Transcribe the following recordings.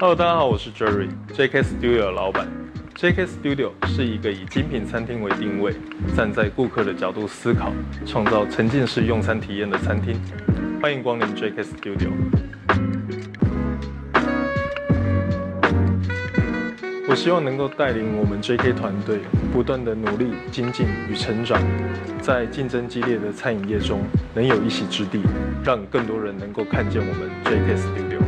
Hello，大家好，我是 Jerry，JK Studio 老闆。JK Studio 是一個以精品餐廳為定位，站在顧客的角度思考，創造沉浸式用餐體驗的餐廳。歡迎光臨 JK Studio。我希望能夠帶領我們 JK 團隊，不斷的努力、精進與成長，在競爭激烈的餐飲業中能有一席之地，讓更多人能夠看見我們 JK Studio。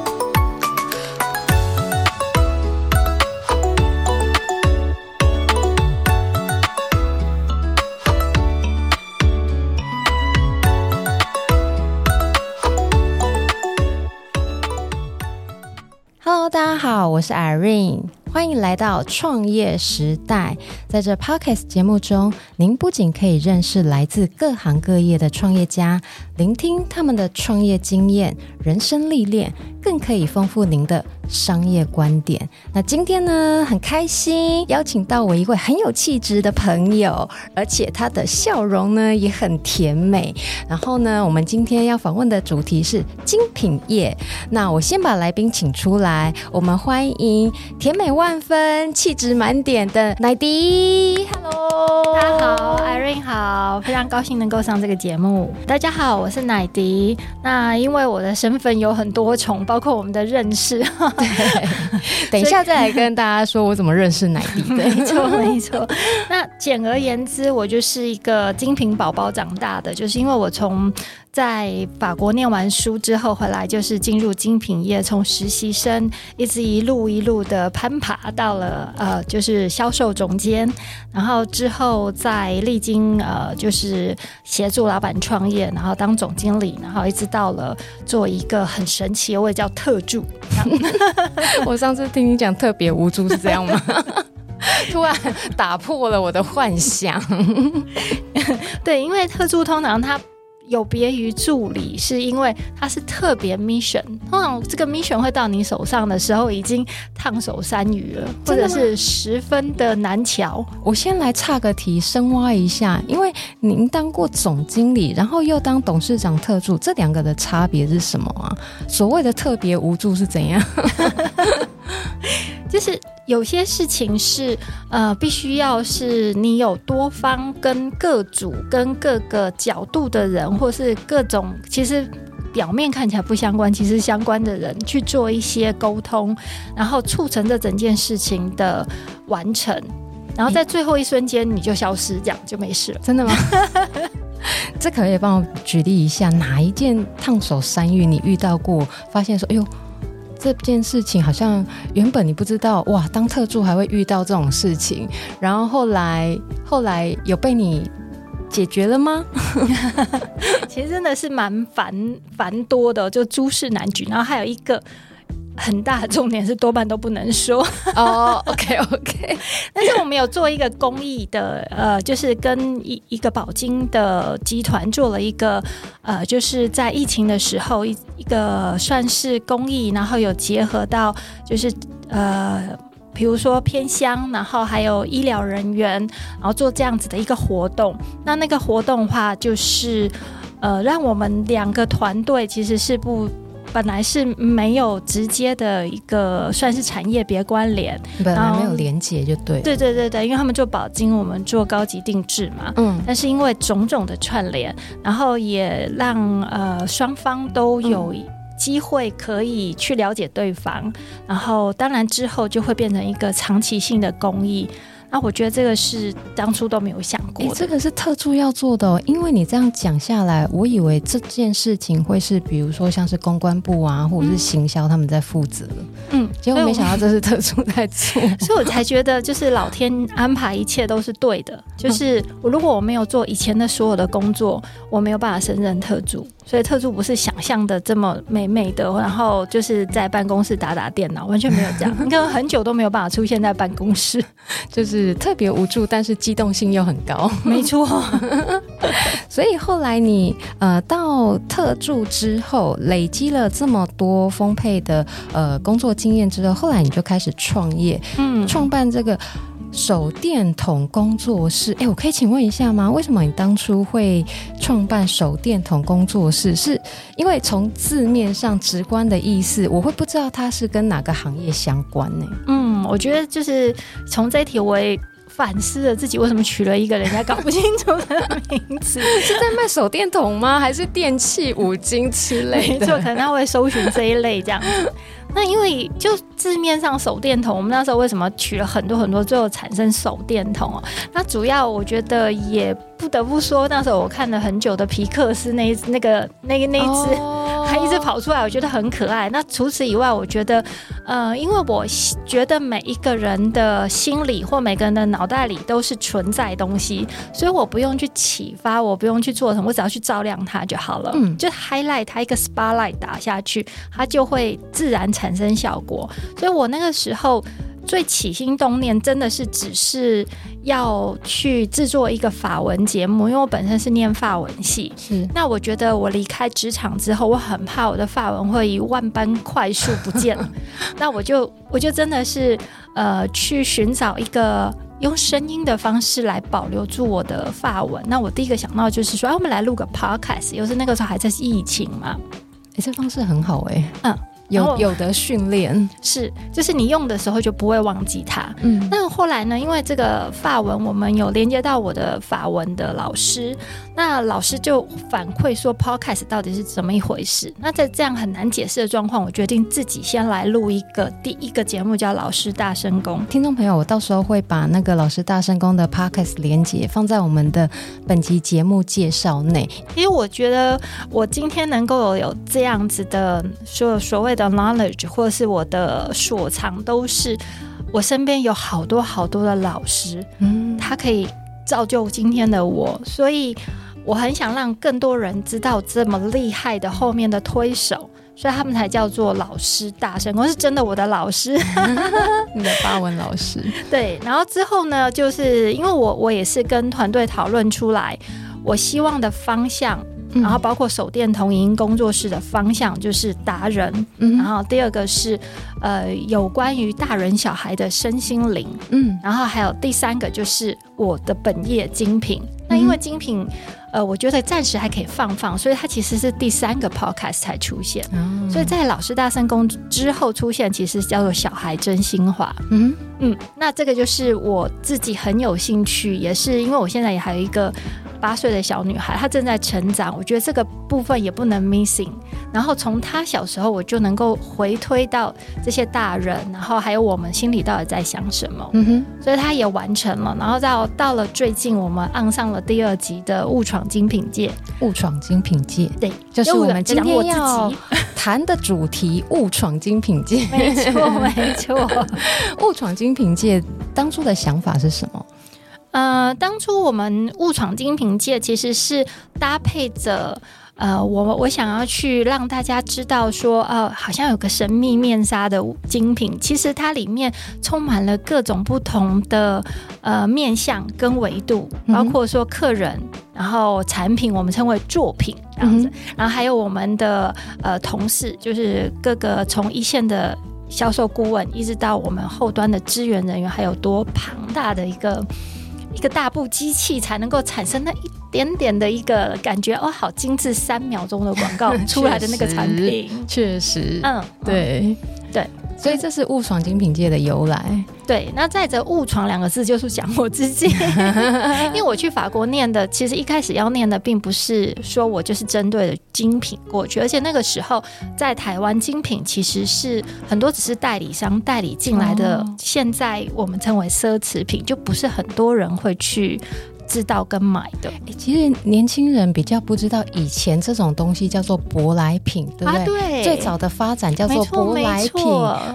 大家好，我是 Irene。歡迎來到《創業時代》。在這 Podcast 節目中，您不僅可以認識來自各行各業的創業家，聆聽他們的創業經驗、人生歷練，更可以豐富您的商業觀點。那今天呢，很開心邀請到我一位很有氣質的朋友，而且他的笑容呢也很甜美。然後呢，我們今天要訪問的主題是精品業。那我先把來賓請出來，我們歡迎甜美萬分氣質滿點的乃滌，Hello，大家好，Irene 好，非常高興能夠上這個節目。大家好，我是乃滌。那因為我的身份有很多重，包括我們的認識。對 以等一下再來跟大家說我怎麼認識乃滌。對，沒錯，沒錯。 那簡而言之，我就是一個精品寶寶長大的，就是因為我從。在法國念完書之後回來，就是進入精品業，從實習生一直一路一路的攀爬，到了呃，就是銷售總監，然後之後再歷經呃，就是協助老板創業，然後當總經理，然後一直到了做一個很神奇的位置，叫特助。 我上次聽你講特別無助，是這樣嗎？ 突然打破了我的幻想。 對，因為特助通常他。有別於助理，是因為他是特別 mission。通常這個 mission 會到你手上的時候，已經燙手山芋了，或者是十分的難瞧的。我先來岔個題，深挖一下，因為您當過總經理，然後又當董事長特助，這兩個的差別是什麼啊？所謂的特別無助是怎樣？ 就是有些事情是呃，必須要是你有多方跟各組、跟各個角度的人，或是各種其實表面看起來不相關，其實相關的人去做一些溝通，然後促成這整件事情的完成，然後在最後一瞬間你就消失，這樣就沒事了。欸，真的嗎？ 這可以幫我舉例一下哪一件燙手山芋你遇到過，發現說哎呦。這件事情好像原本你不知道哇，當特助還會遇到這種事情，然後後來後來有被你解決了嗎？ 其實真的是蠻繁繁多的哦，就諸事難舉，然後還有一個。很大重點是多半都不能說哦，Oh，OK OK。但是我們有做一個公益的， 呃，就是跟一一個寶金的集團做了一個，呃，就是在疫情的時候一一個算是公益，然後有結合到就是呃，比如說偏鄉，然後還有醫療人員，然後做這樣子的一個活動。那那個活動的話，就是呃，讓我們兩個團隊其實是不。本來是沒有直接的一個算是產業別關聯，本來沒有連接就對，對對對對，因為他們做寶金，我們做高級定制嘛，嗯，但是因為種種的串聯，然後也讓呃雙方都有機會可以去了解對方，嗯，然後當然之後就會變成一個長期性的工藝。那、啊、我覺得這個是當初都沒有想過我這個是特助要做的，哦。因為你這樣講下來，我以為這件事情會是，比如說像是公關部啊，或者是行銷他們在負責。嗯，結果沒想到這是特助在做，所以， 所以我才覺得就是老天安排一切都是對的。就是我如果我沒有做以前的所有的工作，我沒有辦法升任特助。所以特助不是想象的這麼美美的，然後就是在辦公室打打電腦，完全沒有這樣。可很久都沒有辦法出現在辦公室， 就是特別無助，但是機動性又很高。 沒錯。 所以後來你呃到特助之後，累積了這麼多豐沛的呃工作經驗之後，後來你就開始創業，嗯，創辦這個。手電筒工作室，哎、欸，我可以請問一下嗎？為什麼你當初會創辦手電筒工作室？是因為從字面上直觀的意思，我會不知道它是跟哪個行業相關呢、欸？嗯，我覺得就是從這一題我也反思了自己，為什麼取了一個人家搞不清楚的名字？ 是在賣手電筒嗎？還是電器五金之類？沒錯，就可能他會搜尋這一類這樣子。那因為就字面上手電筒，我們那時候為什麼取了很多很多，最後產生手電筒哦？那主要我覺得也不得不說，那時候我看了很久的皮克斯那一那個那個那一隻，他、哦、一直跑出來，我覺得很可愛。那除此以外，我覺得呃，因為我覺得每一個人的心裡或每個人的腦袋裡都是存在東西，所以我不用去啟發，我不用去做什麼，我只要去照亮它就好了。嗯，就 highlight 它一個 spotlight 打下去，它就會自然產產生效果，所以我那個時候最起心動念真的是只是要去製作一個法文節目，因為我本身是念法文系。是，那我覺得我離開職場之後，我很怕我的法文會以萬般快速不見了。 那我就我就真的是呃去尋找一個用聲音的方式來保留住我的法文。那我第一個想到就是說，啊、我們來錄個 podcast。又是那個時候還在疫情嘛，哎、欸，這方式很好哎、欸，嗯。有有的訓練是，就是你用的時候就不會忘記它。嗯，那後來呢？因為這個法文，我們有連接到我的法文的老師，那老師就反饋說，podcast 到底是怎麼一回事？那在這樣很難解釋的狀況，我決定自己先來錄一個第一個節目，叫《老師大聲公》。聽眾朋友，我到時候會把那個《老師大聲公》的 podcast 連接放在我們的本集節目介紹內，因為我覺得我今天能夠有,有這樣子的所所謂的。knowledge，或者是我的所長，都是我身邊有好多好多的老師，嗯，他可以造就今天的我，所以我很想讓更多人知道這麼厲害的後面的推手，所以他們才叫做老師大神，我是真的我的老師， 你的發文老師，對，然後之後呢，就是因為我我也是跟團隊討論出來，我希望的方向。然後包括手電筒影音工作室的方向就是達人，嗯、然後第二個是呃有關於大人小孩的身心靈，嗯，然後還有第三個就是我的本業精品。嗯、那因為精品。呃，我覺得暫時還可以放放，所以他其實是第三個 podcast 才出現，嗯、所以在老師大聲公之後出現，其實叫做小孩真心話。嗯嗯，那這個就是我自己很有興趣，也是因為我現在也還有一個八歲的小女孩，她正在成長，我覺得這個部分也不能 missing。然後從她小時候，我就能夠回推到這些大人，然後還有我們心裡到底在想什麼。嗯哼，所以她也完成了。然後到到了最近，我們按上了第二集的誤闖。精品界，誤闖精品界，對，就是我們今天要談的主題——誤 闖精品界。沒錯，沒錯。誤闖精品界，當初的想法是什麼？呃，當初我們誤闖精品界，其實是搭配着。呃，我我想要去讓大家知道說，呃，好像有個神秘面紗的精品，其實它裡面充滿了各種不同的呃面向跟維度，嗯、哼包括說客人，然後產品我們稱為作品這樣子，嗯、哼然後還有我們的呃同事，就是各個從一線的銷售顧問，一直到我們後端的支援人員，還有多龐大的一個一個大部機器才能夠產生那一。點點的一個感覺哦，好精緻！三秒鐘的廣告出來的那個產品，確實，確實，嗯，對，對，對，所以這是誤闖精品界的由來。對，那再者誤闖兩個字就是講我自己， 因為我去法國念的，其實一開始要念的並不是說我就是針對的精品過去，而且那個時候在台灣精品其實是很多只是代理商代理進來的，哦、現在我們稱為奢侈品，就不是很多人會去，知道跟買的，其實年輕人比較不知道，以前這種東西叫做舶來品，對不對？最早的發展叫做舶來品，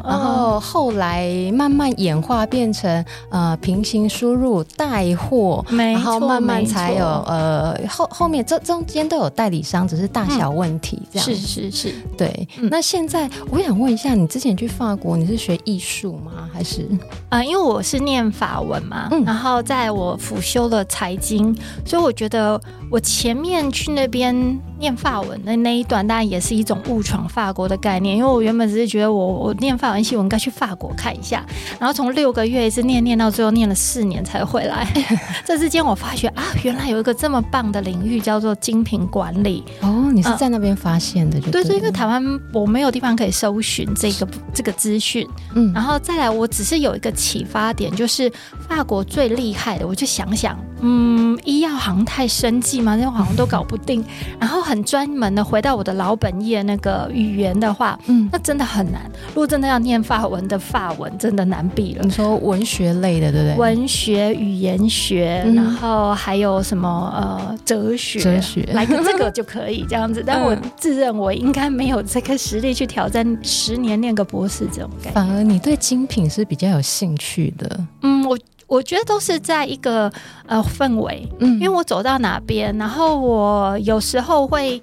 然後後來慢慢演化，變成呃平行輸入帶貨，然後慢慢才有呃後後面，這中間都有代理商，只是大小問題。這樣是是是對。那現在我想問一下，你之前去法國，你是學藝術嗎？還是？呃，因為我是念法文嘛，然後在我輔修了才白金，所以我覺得我前面去那邊。念法文的那一段，當然也是一種誤闖法國的概念，因為我原本只是覺得我我念法文系，我應該去法國看一下。然後從六個月一直念念到最後，念了四年才回來。 這之間我發覺啊，原來有一個這麼棒的領域叫做精品管理。哦，你是在那邊發現的？呃、對，對，因為台灣我沒有地方可以搜尋這個是這個資訊。嗯，然後再來，我只是有一個啟發點，就是法國最厲害的，我就想想，嗯，醫藥行太生計嘛，那些好像都搞不定， 然後。很專門的回到我的老本業那個語言的話，嗯，那真的很難。如果真的要念法文的法文，真的難比了。你說文學類的，對不對？文學、語言學，嗯、然後還有什麼呃哲學？哲學來個這個就可以這樣子。 但我自認為我應該沒有這個實力去挑戰十年念個博士這種感覺。反而你對精品是比較有興趣的。嗯，我。我覺得都是在一個呃氛圍，嗯，因為我走到哪邊，嗯、然後我有時候會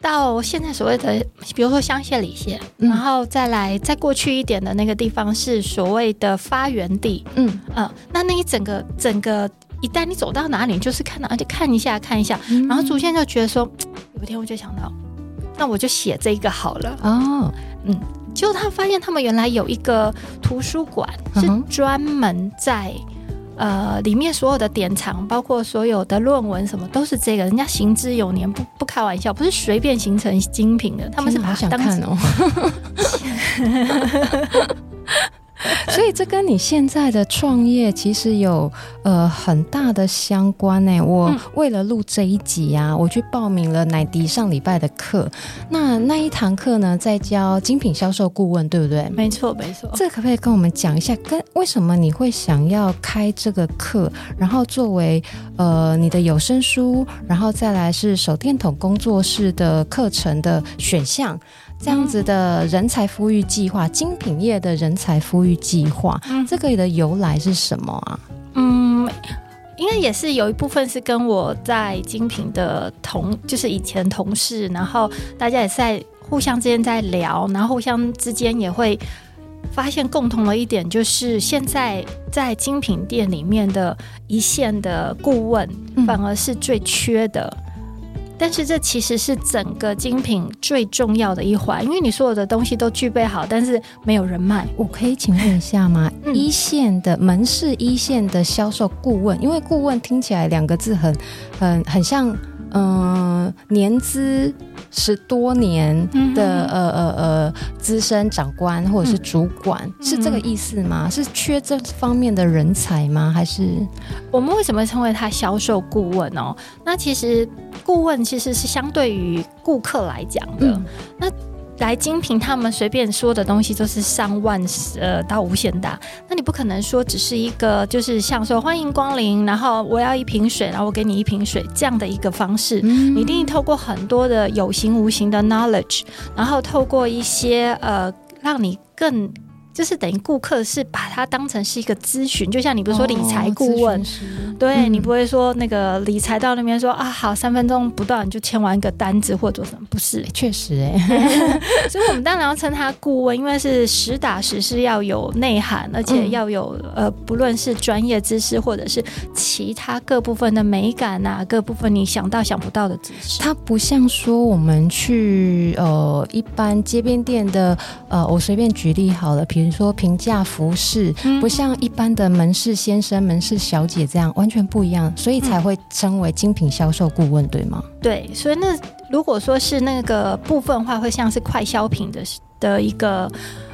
到現在所謂的，比如說香榭麗舍，嗯、然後再來再過去一點的那個地方是所謂的發源地，嗯嗯，呃、那那一整個整個一旦你走到哪裡，就是看到而且看一下看一下，嗯、然後逐漸就覺得說，有一天我就想到，那我就寫這個好了，哦，嗯，結果他發現他們原來有一個圖書館是專門在、嗯。呃，裡面所有的典藏，包括所有的論文什麼，都是這個。人家行之有年，不不開玩笑，不是隨便形成精品的，他們是把。好想看哦 所以這跟你現在的創業其實有呃很大的相關呢、欸。我為了錄這一集啊，我去報名了乃滌上禮拜的課。那那一堂課呢，在教精品銷售顧問，對不對？沒錯，沒錯。這可不可以跟我們講一下，跟為什麼你會想要開這個課？然後作為呃你的有聲書，然後再來是手電筒工作室的課程的選項。這樣子的人才孵育計劃，嗯、精品業的人才孵育計劃，嗯、這個的由來是什麼啊？嗯，應該也是有一部分是跟我在精品的同，就是以前同事，然後大家也在互相之間在聊，然後互相之間也會發現共同的一點，就是現在在精品店裡面的一線的顧問，嗯、反而是最缺的。但是這其實是整個精品最重要的一環，因為你所有的東西都具備好，但是沒有人賣。我可以請問一下嗎？ 嗯、一線的門市、一線的銷售顧問，因為顧問聽起來兩個字很、很、很像。嗯、呃，年資十多年的、嗯、哼呃呃呃資深長官或者是主管，嗯嗯、是這個意思嗎？是缺這方面的人才嗎？還是我們為什麼稱為他銷售顧問哦？那其實顧問其實是相對於顧客來講的。嗯、那。來精品他們隨便說的東西都是上萬呃到無限大。那你不可能說只是一個就是像說歡迎光臨，然後我要一瓶水，然後我給你一瓶水這樣的一個方式，嗯、你一定透過很多的有形無形的 knowledge，然後透過一些呃讓你更。就是等於顧客是把它當成是一個諮詢，就像你比如說理財顧問，哦、對、嗯、你不會說那個理財到那邊說啊好，三分鐘不到你就簽完一個單子或者做什麼？不是，確實哎。 所以我們當然要稱他顧問，因為是實打實是要有內涵，而且要有、嗯、呃，不論是專業知識或者是其他各部分的美感啊，各部分你想到想不到的知識，它不像說我們去呃一般街邊店的呃，我隨便舉例好了，譬如。比如說平價服飾，不像一般的門市先生、門市小姐這樣，完全不一樣，所以才會稱為精品銷售顧問，對嗎？對，所以那如果說是那個部分的話，會像是快消品的的一個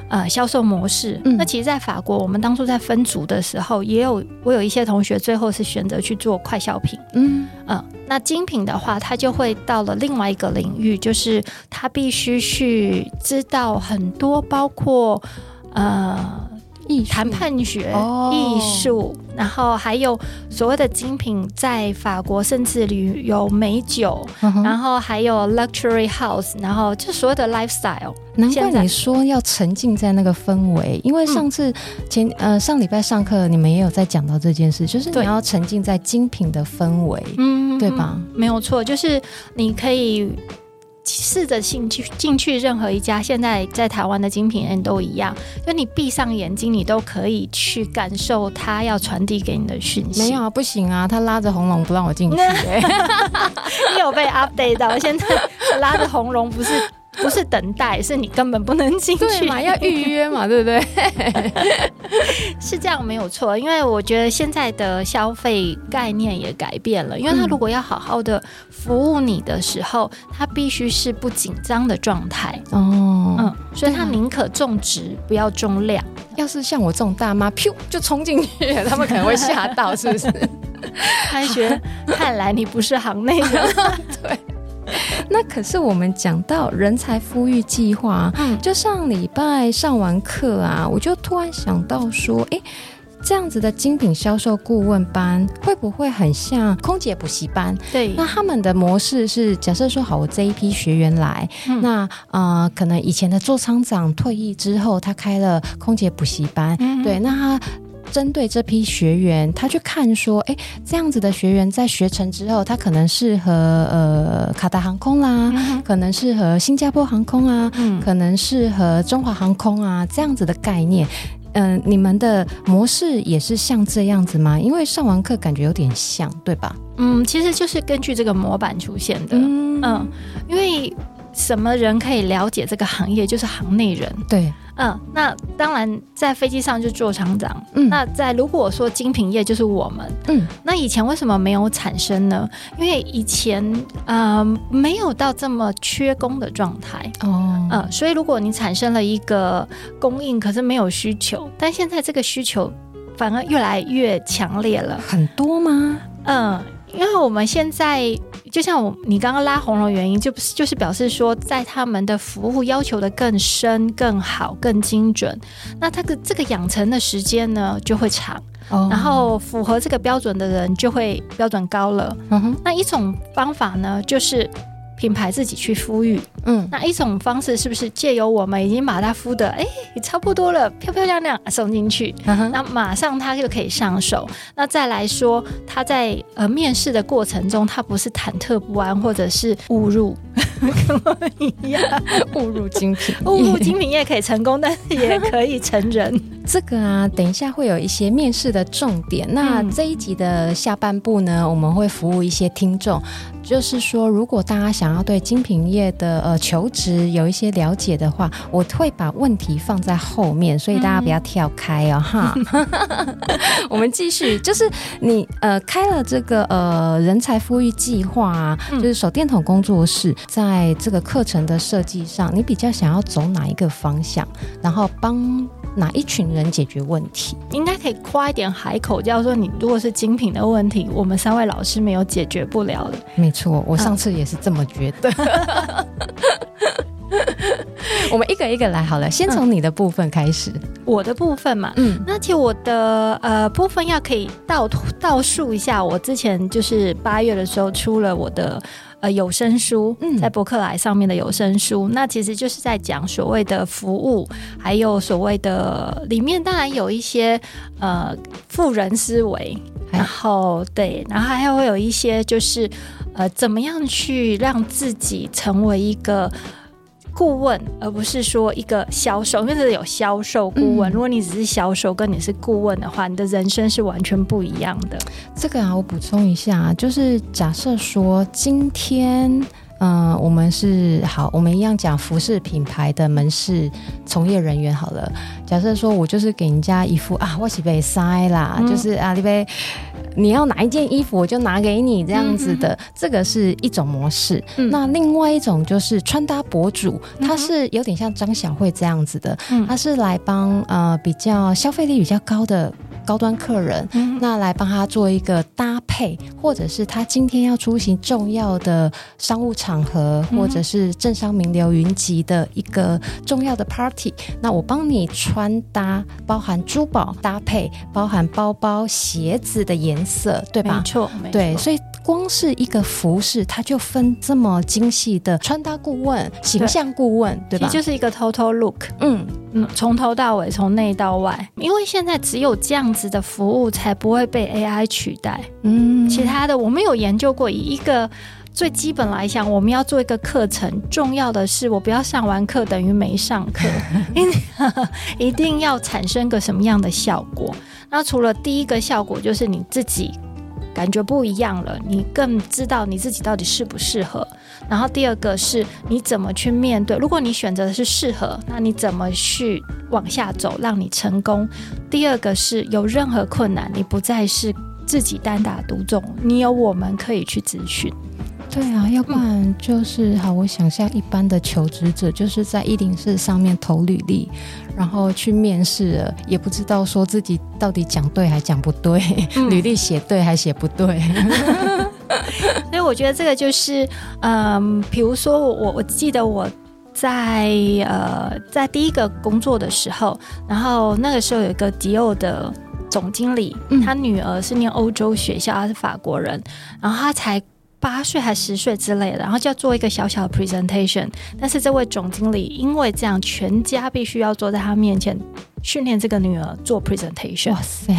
呃銷售模式。嗯，那其實，在法國，我們當初在分組的時候，也有我有一些同學最後是選擇去做快消品。嗯嗯、呃，那精品的話，他就會到了另外一個領域，就是他必須去知道很多，包括。呃，藝談術判學、藝術、哦，然後還有所謂的精品，在法國甚至旅遊美酒，嗯、哼然後還有 luxury house，然後就所謂的 lifestyle。難怪你說要沉浸在那個氛圍，在因為上次前呃上禮拜上課，你們也有在講到這件事，就是你要沉浸在精品的氛圍，嗯對，對吧？嗯、哼哼沒有錯，就是你可以。試着進去進去任何一家，現在在臺灣的精品店都一樣。就你閉上眼睛，你都可以去感受他要傳遞給你的訊息。沒有啊，不行啊，他拉着紅龍不讓我進去，欸。 你有被 update 到？現在拉着紅龍不是？不是等待，是你根本不能進去。對嘛，要預約嘛，對不對？ 是這樣沒有錯，因為我覺得現在的消費概念也改變了。因為他如果要好好的服務你的時候，他必須是不緊張的狀態。哦，嗯，所以他寧可重質，不要重量。嗯、要是像我這種大媽，就衝進去，他們可能會嚇到，是不是？開學 得， 看來你不是行內的。 對。 那可是我們講到人才孵育計劃，就上禮拜上完課啊，我就突然想到說，誒，這樣子的精品銷售顧問班會不會很像空姐補習班？對，那他們的模式是，假設說好，我這一批學員來，嗯、那呃，可能以前的座艙長退役之後，他開了空姐補習班，嗯、哼對，那他。針對這批學員，他去看說，誒，這樣子的學員在學成之後，他可能適合呃卡達航空啦，嗯、哼可能適合新加坡航空啊，嗯、可能適合中華航空啊，這樣子的概念，嗯、呃，你們的模式也是像這樣子嗎？因為上完課感覺有點像，對吧？嗯，其實就是根據這個模板出現的，嗯，嗯，因為。什麼人可以了解這個行業？就是行內人。對，嗯，那當然，在飛機上就做廠長。嗯，那在如果說精品業就是我們。嗯，那以前為什麼沒有產生呢？因為以前啊、呃，沒有到這麼缺工的狀態。哦，嗯、呃，所以如果你產生了一個供應，可是沒有需求，但現在這個需求反而越來越強烈了。很多嗎？嗯，因為我們現在。就像我你剛剛拉紅的原因就不是，就是表示說，在他們的服務要求的更深、更好、更精準，那他的這個養成的時間呢就會長，哦、然後符合這個標準的人就會標準高了。嗯哼，那一種方法呢就是。品牌自己去孵育。嗯，那一種方式是不是借由我們已經把它孵的，哎、欸，也差不多了，漂漂亮亮送進去，嗯、哼那馬上他就可以上手。那再來說，他在呃面試的過程中，他不是忐忑不安，或者是誤入， 跟我一樣誤入 精品，誤入 精品也可以成功，但是也可以成人。這個啊，等一下會有一些面試的重點。那這一集的下半部呢，我們會服務一些聽眾，就是說，如果大家想。然後對精品業的呃求職有一些了解的話，我會把問題放在後面，所以大家不要跳開哦、喔嗯、哈。 我們繼續，就是你呃開了這個呃人才孵育計劃、啊，就是手電筒工作室，嗯、在這個課程的設計上，你比較想要走哪一個方向，然後幫。哪一群人解決問題，應該可以誇一點海口，叫做你如果是精品的問題，我們三位老師沒有解決不了的。沒錯，我上次也是這麼覺得。哦 我們一個一個來好了，先從你的部分開始。嗯、我的部分嘛，嗯，那其實我的呃部分要可以倒倒數一下，我之前就是八月的時候出了我的呃有聲書，在博客來上面的有聲書，嗯、那其實就是在講所謂的服務，還有所謂的裡面當然有一些呃富人思維，還然後對，然後還會有，有一些就是呃怎麼樣去讓自己成為一個。顧問，而不是說一個銷售，因為這裡有銷售顧問。嗯。如果你只是銷售，跟你是顧問的話，你的人生是完全不一樣的。這個啊，我補充一下，就是假設說今天。嗯、呃，我們是好，我們一樣講服飾品牌的門市從業人員好了。假設說我就是給人家一副啊，我是被塞啦，嗯、就是啊，你要你要拿一件衣服，我就拿給你這樣子的，嗯、哼哼，這個是一種模式。嗯、那另外一種就是穿搭博主，他是有點像張小慧這樣子的，他、嗯、是來幫呃比較消費力比較高的高端客人，嗯、哼那來幫他做一個搭配，或者是他今天要出席重要的商務場合，或者是政商名流雲集的一個重要的 party，那我幫你穿搭，包含珠寶搭配，包含包包、鞋子的顏色，對吧？沒錯，對，所以。光是一個服飾，它就分這麼精細的穿搭顧問、形象顧問，對，對吧？就是一個 total look，嗯嗯，從頭到尾，從內到外。因為現在只有這樣子的服務，才不會被 AI 取代。嗯，其他的我們有研究過，以一個最基本來講，我們要做一個課程。重要的是，我不要上完課等於沒上課， 因為一定要產生個什麼樣的效果？那除了第一個效果，就是你自己。感覺不一樣了，你更知道你自己到底適不適合。然後第二個是你怎麼去面對？如果你選擇的是適合，那你怎麼去往下走，讓你成功。第二個是有任何困難，你不再是自己單打獨鬥，你有我們可以去諮詢。對啊，要不然就是好。我想象一般的求職者，就是在一零四上面投履歷，然後去面試了，也不知道說自己到底講對還講不對，嗯、履歷寫對還寫不對。所以 我覺得這個就是，嗯、呃，比如說我我記得我在呃在第一個工作的時候，然後那個時候有一個迪奧的總經理，嗯、他女兒是念歐洲學校，她是法國人，然後他才。八歲還是十歲之類的，然後就要做一個小小的 presentation。但是這位總經理因為這樣，全家必須要坐在他面前訓練這個女兒做 presentation。哇塞！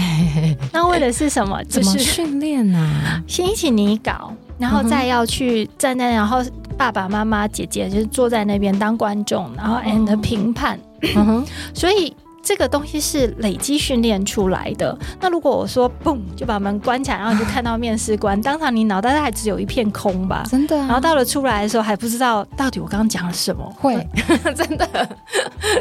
那為的是什麼？就是，怎麼訓練啊！先一起擬稿，然後再要去站在那，然後爸爸媽媽、姐姐就是坐在那邊當觀眾，然後 and 評、哦、評判。 所以。這個東西是累積訓練出來的。那如果我說“嘣”，就把門關起來，然後你就看到面試官， 當場你腦袋還只有一片空吧？真的、啊。然後到了出來的時候，還不知道到底我剛剛講了什麼？會， 真的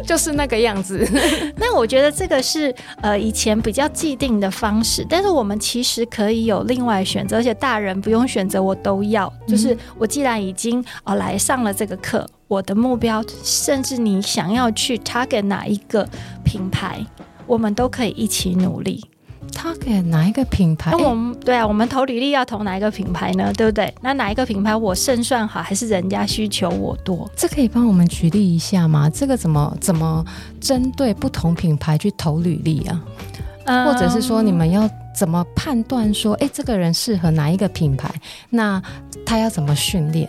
就是那個樣子。 那我覺得這個是呃以前比較既定的方式，但是我們其實可以有另外選擇，而且大人不用選擇，我都要。嗯、就是我既然已經啊、哦、來上了這個課。我的目標，甚至你想要去 target 哪一個品牌，我們都可以一起努力。target 哪一個品牌？那、欸、我們對啊，我們投履歷要投哪一個品牌呢？對不對？那哪一個品牌我勝算好，還是人家需求我多？這可以幫我們舉例一下嗎？這個怎麼怎麼針對不同品牌去投履歷啊？或者是說，你們要怎麼判斷說，哎、欸，這個人適合哪一個品牌？那他要怎麼訓練？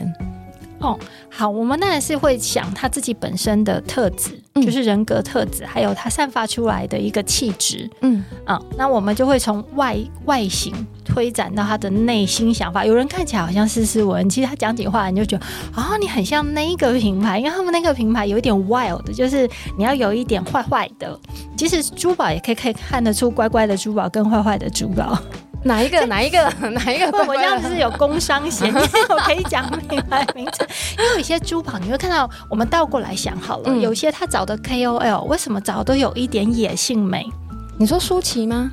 哦，好，我們當然是會想他自己本身的特質，就是人格特質，嗯、還有他散發出來的一個氣質。嗯啊、哦，那我們就會從外外形推展到他的內心想法。有人看起來好像斯斯文，其實他講起話你就覺得啊、哦，你很像那個品牌，因為他們那個品牌有一點 wild，就是你要有一點壞壞的。其實珠寶也可以可以看得出乖乖的珠寶跟壞壞的珠寶。哪一個？哪一個？ 哪一個？我要不是有工商嫌， 我可以講品牌名字。因為有一些珠寶，你會看到，我們倒過來想好了，嗯、有些他找的 KOL，為什麼找都有一點野性美？你說舒淇嗎？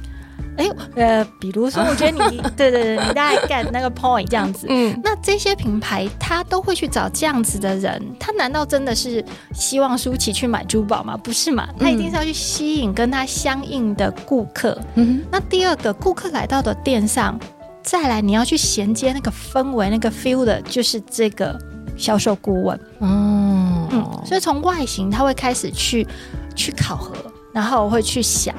哎，呃，比如說，我覺得你 對對對，你大概 get 那個 point 這樣子。嗯，那這些品牌他都會去找這樣子的人，他難道真的是希望舒淇去買珠寶嗎？不是嘛，嗯、他一定是要去吸引跟他相應的顧客。嗯哼。那第二個，顧客來到的店上，再來你要去銜接那個氛圍，那個 feel 的，就是這個銷售顧問。嗯，嗯所以從外形他會開始去去考核，然後會去想，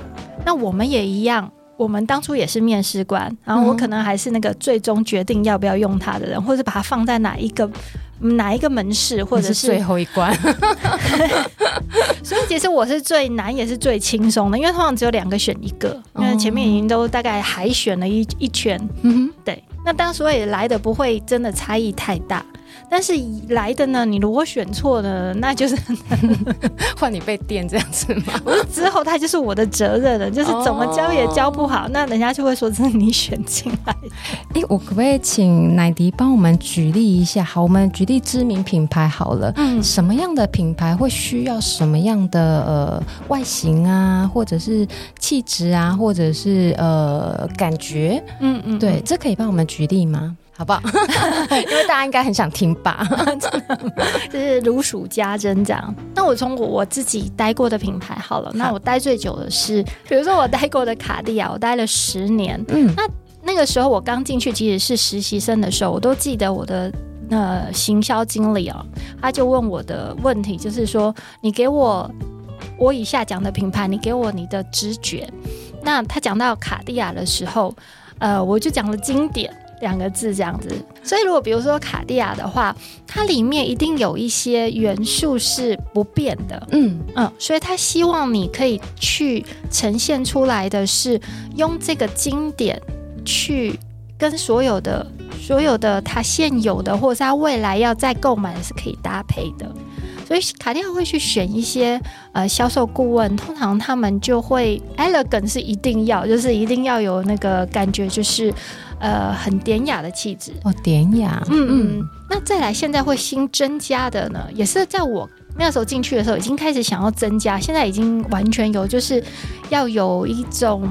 那我們也一樣。我們當初也是面試官，然後我可能還是那個最終決定要不要用他的人，嗯、或者把他放在哪一個哪一個門市，或者是，是最後一關。 所以其實我是最難也是最輕鬆的，因為通常只有兩個選一個，嗯、因為前面已經都大概海選了一一圈。嗯、哼對，那當時我也來的不會真的差異太大。但是來的呢？你如果選錯了，那就是換 你被電這樣子嘛。之後他就是我的責任了，就是怎麼教也教不好，oh、那人家就會說這是你選進來。哎，我可不可以請乃滌幫我們舉例一下？好，我們舉例知名品牌好了。嗯，什麼樣的品牌會需要什麼樣的呃外形啊，或者是氣質啊，或者是呃感覺？嗯，嗯嗯，對，這可以幫我們舉例嗎？好不好？ 因為大家應該很想聽吧， 就是如數家珍這樣。那我從我自己待過的品牌好了，好那我待最久的是，比如說我待過的卡地亞，我待了十年。嗯，那那個時候我剛進去，其實是實習生的時候，我都記得我的呃行銷經理哦、喔，他就問我的問題，就是說你給我我以下講的品牌，你給我你的直覺。那他講到卡地亞的時候，呃，我就講了經典。兩個字這樣子，所以如果比如說卡地亞的話，它裡面一定有一些元素是不變的，嗯嗯，所以它希望你可以去呈現出來的是用這個經典去跟所有的、所有的它現有的，或者是它未來要再購買是可以搭配的。所以卡地亞會去選一些呃銷售顧問，通常他們就會，elegant 是一定要，就是一定要有那個感覺，就是呃很典雅的氣質。哦，典雅。嗯嗯。那再來，現在會新增加的呢，也是在我。那個時候進去的時候已經開始想要增加，現在已經完全有，就是要有一種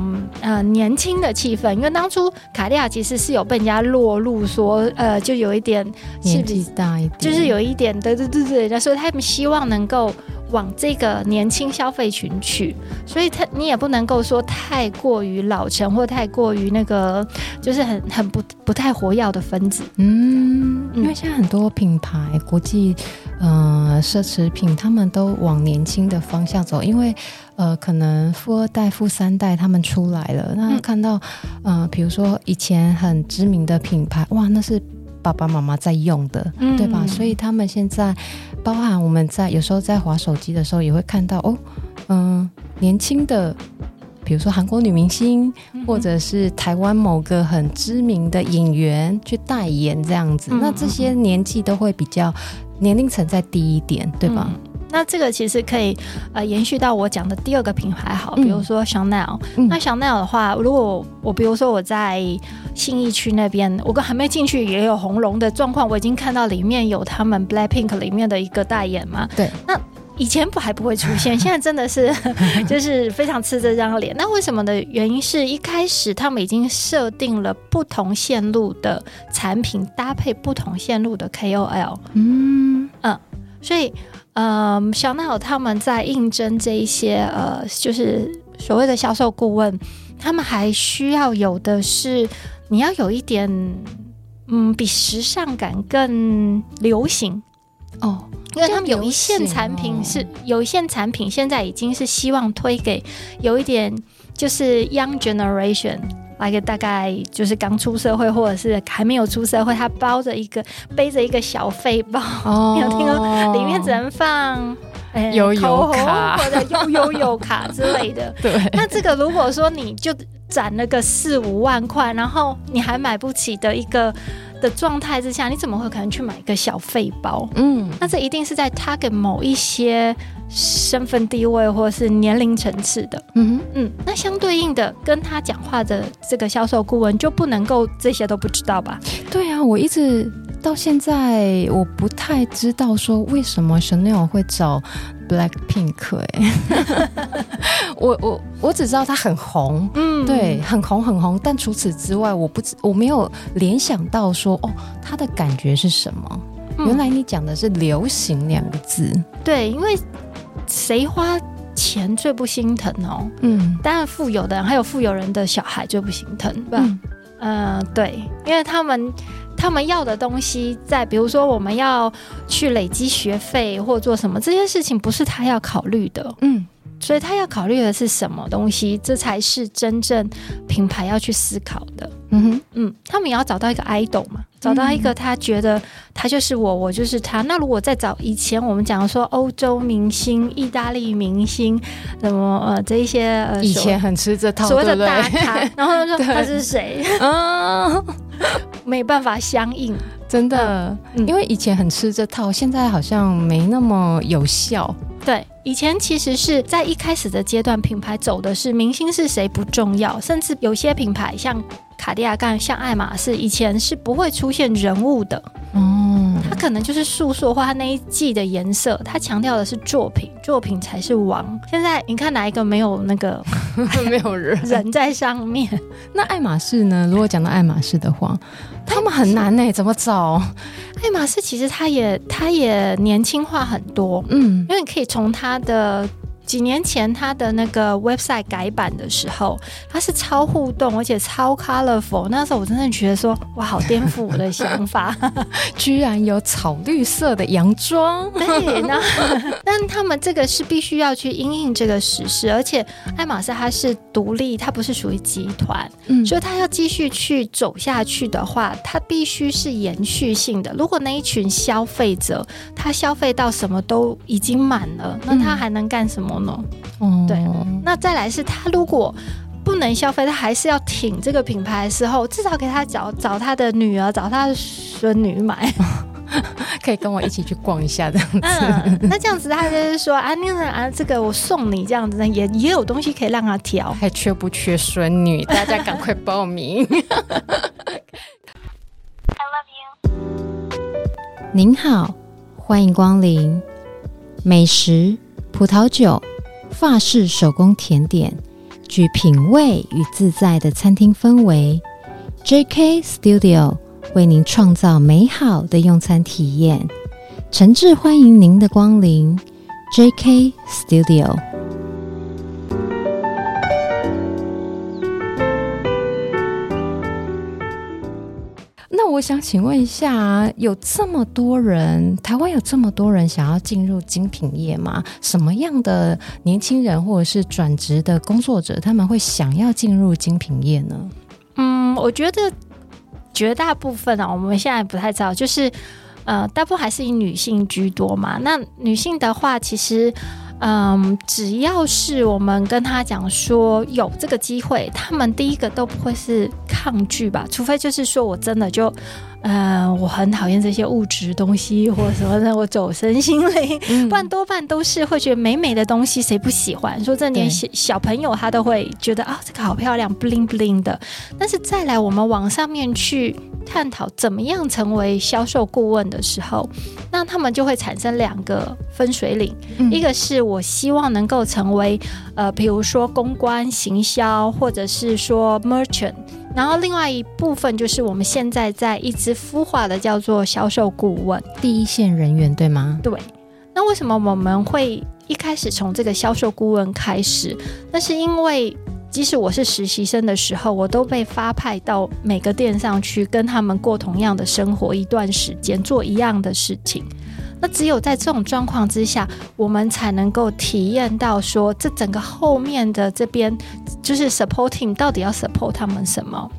呃年輕的氣氛，因為當初卡利亞其實是有被人家落入，說，呃，就有一點是是年紀大一點，就是有一點，對對對對，所以他們希望能夠。往這個年輕消費群去，所以他你也不能夠說太過於老成，或太過於那個就是很很不不太活躍的分子。嗯，因為現在很多品牌、國際呃奢侈品，他們都往年輕的方向走，因為呃可能富二代、富三代他們出來了，那看到、嗯、呃比如說以前很知名的品牌，哇那是。爸爸媽媽在用的，嗯、對吧？所以他們現在，包含我們在有時候在滑手機的時候，也會看到哦，嗯、呃，年輕的，比如說韓國女明星，嗯、哼或者是台灣某個很知名的演員去代言這樣子，嗯、哼那這些年紀都會比較年齡層再低一點，對吧？嗯那這個其實可以呃延續到我講的第二個品牌好，比如說 Chanel、嗯、那 Chanel 的話，如果我，我比如說我在信義區那邊，我跟還沒進去，也有紅龍的狀況，我已經看到裡面有他們 Black Pink 裡面的一個代言嘛。對。那以前不還不會出現，現在真的是 就是非常吃這張臉。那為什麼的原因是一開始他們已經設定了不同線路的產品搭配不同線路的 K O L，嗯嗯，所以。嗯，香奈兒、um, 他們在應徵這一些，呃，就是所謂的銷售顧問，他們還需要有的是，你要有一點，嗯，比時尚感更流行哦，oh, 因為他們有一線產品是，啊、有一線產品現在已經是希望推給有一點就是 young generation。來一個大概就是剛出社會，或者是還沒有出社會，他包着一個背着一個小背包，oh、你有聽到裡面只能放，哎、oh，悠遊、嗯、卡悠遊悠遊卡之類的。 對，那這個如果說你就。攢了個四五萬塊，然後你還買不起的一個的狀態之下，你怎麼會可能去買一個小費包？嗯，那這一定是在 target 某一些身份地位或是年齡層次的。嗯哼嗯，那相對應的跟他講話的這個銷售顧問就不能夠這些都不知道吧？對啊，我一直。到現在，我不太知道說為什麼 Chanel 會找 Black Pink 哎、欸， 我我我只知道他很紅，嗯，對，很紅很紅。但除此之外，我不我沒有聯想到說，哦，他的感覺是什麼？嗯、原來你講的是“流行”兩個字，對，因為誰花錢最不心疼哦、喔？嗯，當然富有的人，還有富有人的小孩最不心疼，嗯吧嗯、呃，對，因為他們。他們要的東西在，在比如說我們要去累積學費或做什麼，這些事情不是他要考慮的。嗯，所以他要考慮的是什麼東西，這才是真正品牌要去思考的。嗯哼，嗯，他們也要找到一個 idol 嘛，嗯、找到一個他覺得他就是我，我就是他。那如果再找以前我們講說歐洲明星、意大利明星，什麼呃這一些、呃、以前很吃這套所謂的大咖， 對然後他說他是誰？ 嗯。 沒辦法相應，真的，嗯，因為以前很吃這套，現在好像沒那麼有效。對，以前其實是在一開始的階段，品牌走的是明星是誰不重要，甚至有些品牌像卡地亞、干像愛馬仕，以前是不會出現人物的。嗯他可能就是素素的話，他那一季的顏色，他強調的是作品，作品才是王。現在你看哪一個沒有那個， 沒有人人在上面。那愛馬仕呢？如果講到愛馬仕的話，他們很難哎、欸，怎麼找？愛馬仕其實他也，他也年輕化很多，嗯，因為你可以從他的。幾年前他的那個 website 改版的時候，他是超互動而且超 colorful。那時候我真的覺得說，哇，好顛覆我的想法， 居然有草綠色的洋裝。 對，那但他們這個是必須要去因應這個時事，而且愛馬仕它是獨立，它不是屬於集團，嗯、所以它要繼續去走下去的話，它必須是延續性的。如果那一群消費者他消費到什麼都已經滿了，那他還能幹什麼？嗯哦，嗯、對，那再來是他如果不能消費，他還是要挺這個品牌的時候，至少給他找找他的女兒，找他的孫女買， 可以跟我一起去逛一下這樣子。嗯啊、那這樣子，他就是說啊，那個啊，這個我送你這樣子呢，也也有東西可以讓他挑。還缺不缺孫女？大家趕快報名。 I love you。您好，歡迎光臨美食葡萄酒。法式手工甜點，具品味與自在的餐廳氛圍，JK STUDIO 為您創造美好的用餐體驗，誠摯歡迎您的光臨，JK STUDIO。我想請問一下，有這麼多人，台灣有這麼多人想要進入精品業嗎？什麼樣的年輕人或者是轉職的工作者，他們會想要進入精品業呢？嗯，我覺得絕大部分啊，我們現在不太知道，就是呃，大部分還是以女性居多嘛。那女性的話，其實。嗯，只要是我們跟他講說有這個機會，他們第一個都不會是抗拒吧，除非就是說我真的就。呃，我很討厭這些物質東西，或者說讓我走身心靈，嗯、不然多半都是會覺得美美的東西誰不喜歡？說這年小小朋友他都會覺得啊對、哦，這個好漂亮，bling bling 的。但是再來我們往上面去探討怎麼樣成為銷售顧問的時候，那他們就會產生兩個分水嶺，嗯、一個是我希望能夠成為呃，比如說公關、行銷，或者是說 merchant。然後另外一部分就是我們現在在一直孵化的，叫做銷售顧問，第一線人員，對嗎？對。那為什麼我們會一開始從這個銷售顧問開始？那是因為即使我是實習生的時候，我都被發派到每個店上去，跟他們過同樣的生活一段時間，做一樣的事情。那只有在這種狀況之下，我們才能夠體驗到說，這整個後面的這邊就是 supporting 到底要 support 他們什麼？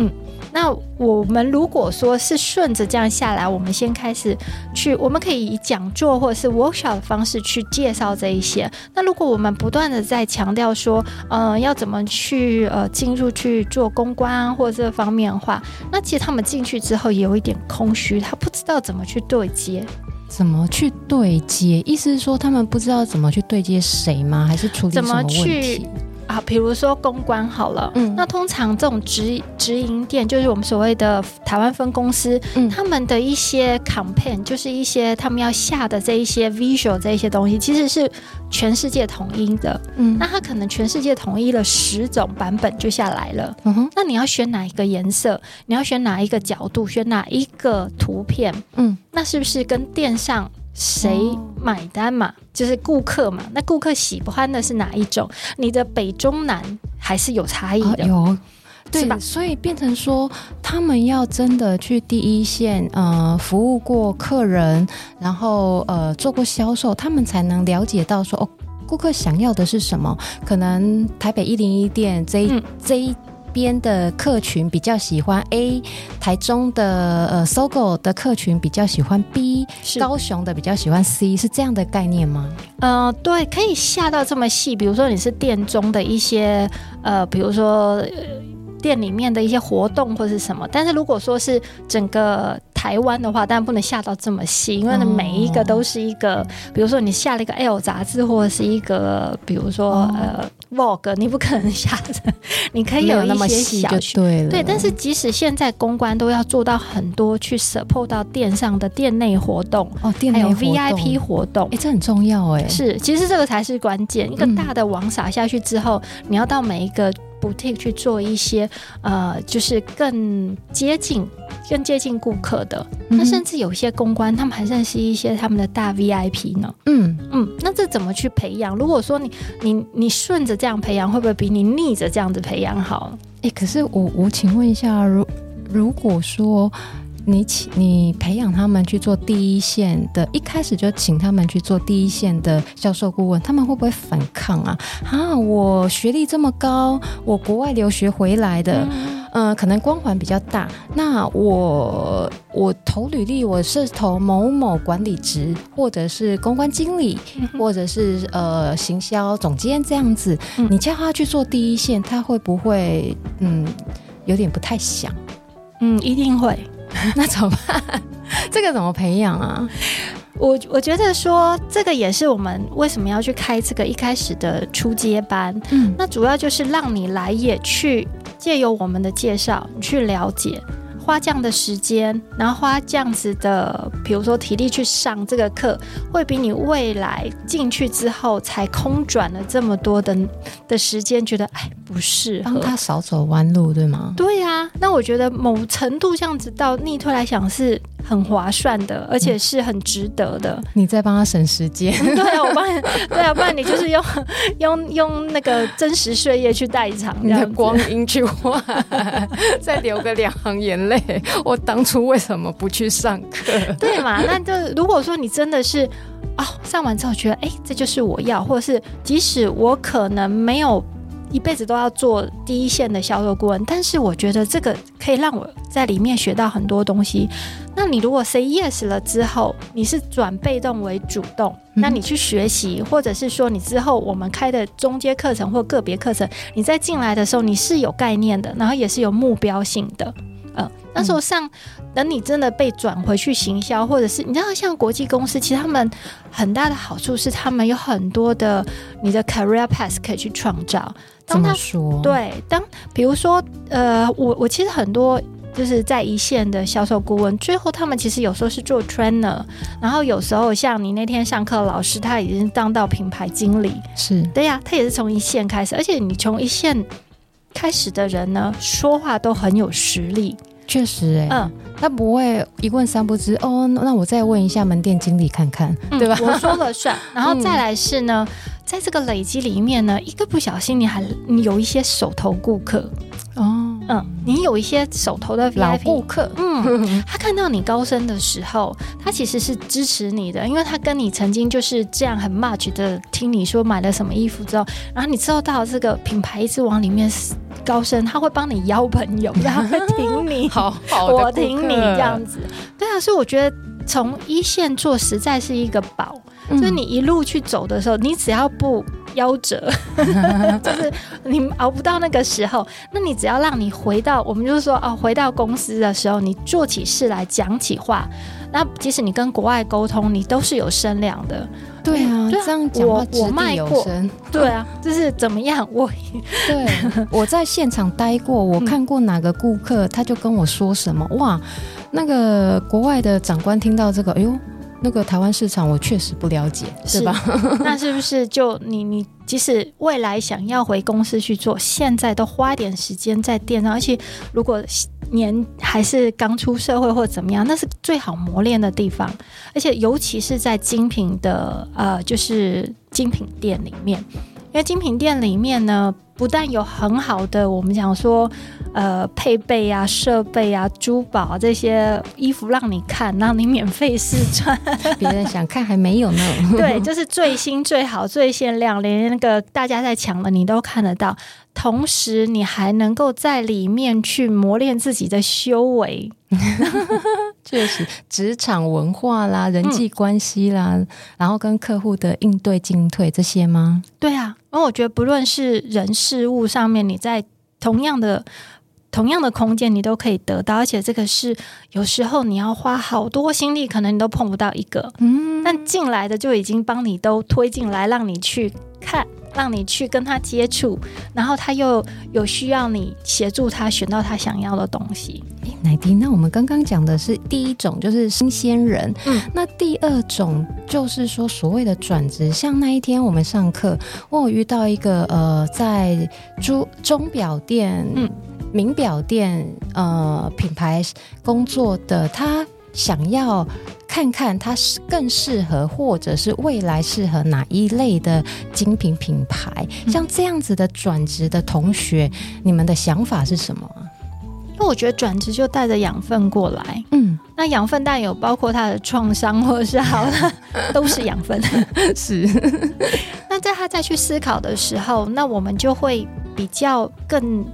嗯，那我們如果說是順着這樣下來，我們先開始去，我們可以以講座或者是 workshop 的方式去介紹這一些。那如果我們不斷的在強調說，嗯、呃，要怎麼去呃進入去做公關啊，或這方面的話，那其實他們進去之後也有一點空虛，他不知道怎麼去對接。怎麼去對接？意思是說他們不知道怎麼去對接誰嗎？還是處理什麼問題？啊，比如說公關好了，嗯，那通常這種直直營店就是我們所謂的台灣分公司，嗯，他們的一些 campaign 就是一些他們要下的這一些 visual 這一些東西，其實是全世界統一的，嗯，那他可能全世界統一了十種版本就下來了，嗯哼，那你要選哪一個顏色？你要選哪一個角度？選哪一個圖片？嗯，那是不是跟電商？誰買單嘛？哦、就是顧客嘛。那顧客喜歡的是哪一種？你的北中南還是有差異的、啊，有，對吧？所以變成說，他們要真的去第一線，呃，服務過客人，然後呃，做過銷售，他們才能了解到說，哦，顧客想要的是什麼？可能台北一零一店這這一邊的客群比較喜歡 A，台中的呃 SOGO、so、的客群比較喜歡 B，是高雄的比較喜歡 C，是這樣的概念嗎？嗯、呃，對，可以下到這麼細，比如說你是店中的一些呃，比如說、呃、店裡面的一些活動或是什麼，但是如果說是整個台灣的話，當然不能下到這麼細，因為每一個都是一個，哦、比如說你下了一個 L 雜誌，或者是一個，比如說呃。哦 Vogue，你不可能瞎，你可以有一些小那麼就對了，對。但是即使現在公關都要做到很多，去 support 到店上的店內活動哦，還有 VIP 活動，哎、哦欸，這很重要哎、欸。是，其實這個才是關鍵。一個大的網撒下去之後，嗯、你要到每一個 boutique 去做一些，呃，就是更接近、更接近顧客的。嗯、那甚至有些公關，他們還認識一些他們的大 VIP 呢。嗯嗯，那這怎麼去培養？如果說你你你順着。這樣培養會不會比你逆着這樣子培養好？哎、欸，可是我我請問一下，如如果說你請你培養他們去做第一線的，一開始就請他們去做第一線的銷售顧問，他們會不會反抗啊？啊，我學歷這麼高，我國外留學回來的。嗯呃，可能光環比較大。那我我投履歷，我是投某某管理職，或者是公關經理，或者是呃行銷總監這樣子。你叫他去做第一線，他會不會嗯有點不太想？嗯，一定會。 那怎麼辦？ 這個怎麼培養啊？我我覺得說，這個也是我們為什麼要去開這個一開始的初階班，嗯，那主要就是讓你來也去，借由我們的介紹，你去了解。花這樣的時間，然後花這樣子的，比如說體力去上這個課，會比你未來進去之後才空轉了這麼多的的時間，覺得哎，不適合。幫他少走彎路，對嗎？對啊。那我覺得某程度這樣子，倒逆推來想是很划算的，而且是很值得的。嗯、你在幫他省時間、嗯，對啊，我幫你，對啊，不然你就是用用用那個真實血液去代償，你的光陰去換， 再流個兩行眼淚。我當初為什麼不去上課？對嘛？那就如果說你真的是、哦、上完之後覺得，哎，這就是我要，或是即使我可能沒有。一輩子都要做第一線的銷售顧問，但是我覺得這個可以讓我在裡面學到很多東西。那你如果 say yes 了之後，你是轉被動為主動，那你去學習，嗯、或者是說你之後我們開的中階課程或個別課程，你在進來的時候你是有概念的，然後也是有目標性的。呃，那時候上，等你真的被轉回去行銷，或者是你知道，像國際公司，其實他們很大的好處是，他們有很多的你的 career path 可以去創造。當他說。對，當比如說，呃，我我其實很多就是在一線的銷售顧問，最後他們其實有時候是做 trainer，然後有時候像你那天上課老師，他已經當到品牌經理，嗯，是，對呀，啊，他也是從一線開始，而且你從一線開始的人呢，說話都很有實力。確實哎、欸，嗯，他不會一問三不知哦。那我再問一下門店經理看看，嗯、對吧？我說了算，然後再來是呢，嗯、在這個累積裡面呢，一個不小心你還你有一些手頭顧客哦，嗯，你有一些手頭的 VIP，老顧客，嗯，他看到你高升的時候，他其實是支持你的，因為他跟你曾經就是這樣很 much 的聽你說買了什麼衣服之後，然後你知道到這個品牌一直往裡面。高深，他會幫你邀朋友，然後會挺你，呵呵，好好我挺你，這樣子。對啊，所以我覺得從一線做實在是一個寶，嗯、就是你一路去走的時候，你只要不。夭折， 就是你熬不到那個時候。那你只要讓你回到我們就是說哦，回到公司的時候，你做起事來講起話，那即使你跟國外溝通，你都是有聲量的。對啊，嗯、這樣講我我賣過，嗯、對啊，就是怎麼樣？我對， 我在現場待過，我看過哪個顧客，嗯、他就跟我說什麼哇，那個國外的長官聽到這個，哎呦。那個台灣市場我確實不了解，是吧？那是不是就你你即使未來想要回公司去做，現在都花點時間在店上，而且如果年還是剛出社會或者怎麼樣，那是最好磨練的地方，而且尤其是在精品的呃，就是精品店裡面，因為精品店裡面呢。不但有很好的，我們講說，呃，配備啊、設備啊、珠寶、啊、這些衣服讓你看，讓你免費試穿， 別人想看還沒有呢。 對，就是最新、最好、最限量，連那個大家在搶的你都看得到。同時，你還能夠在裡面去磨練自己的修為， 確實，職場文化啦、人際關係啦，嗯、然後跟客戶的應對進退這些嗎？對啊。因為我覺得，不論是人事物上面，你在同樣的、同樣的空間，你都可以得到。而且，這個是有時候你要花好多心力，可能你都碰不到一個。嗯，但進來的就已經幫你都推進來，讓你去看，讓你去跟他接觸，然後他又有需要你協助他選到他想要的東西。乃滌，那我們剛剛講的是第一種，就是新鮮人。嗯，那第二種就是說所謂的轉職，像那一天我們上課，我有遇到一個呃，在珠鐘錶店、嗯，名錶店呃品牌工作的，他想要看看他是更適合或者是未來適合哪一類的精品品牌，嗯、像這樣子的轉職的同學，你們的想法是什麼？那我覺得轉職就帶着養分過來，嗯，那養分但有包括他的創傷或者是好的，都是養分。 是，那在他再去思考的時候，那我們就會比較更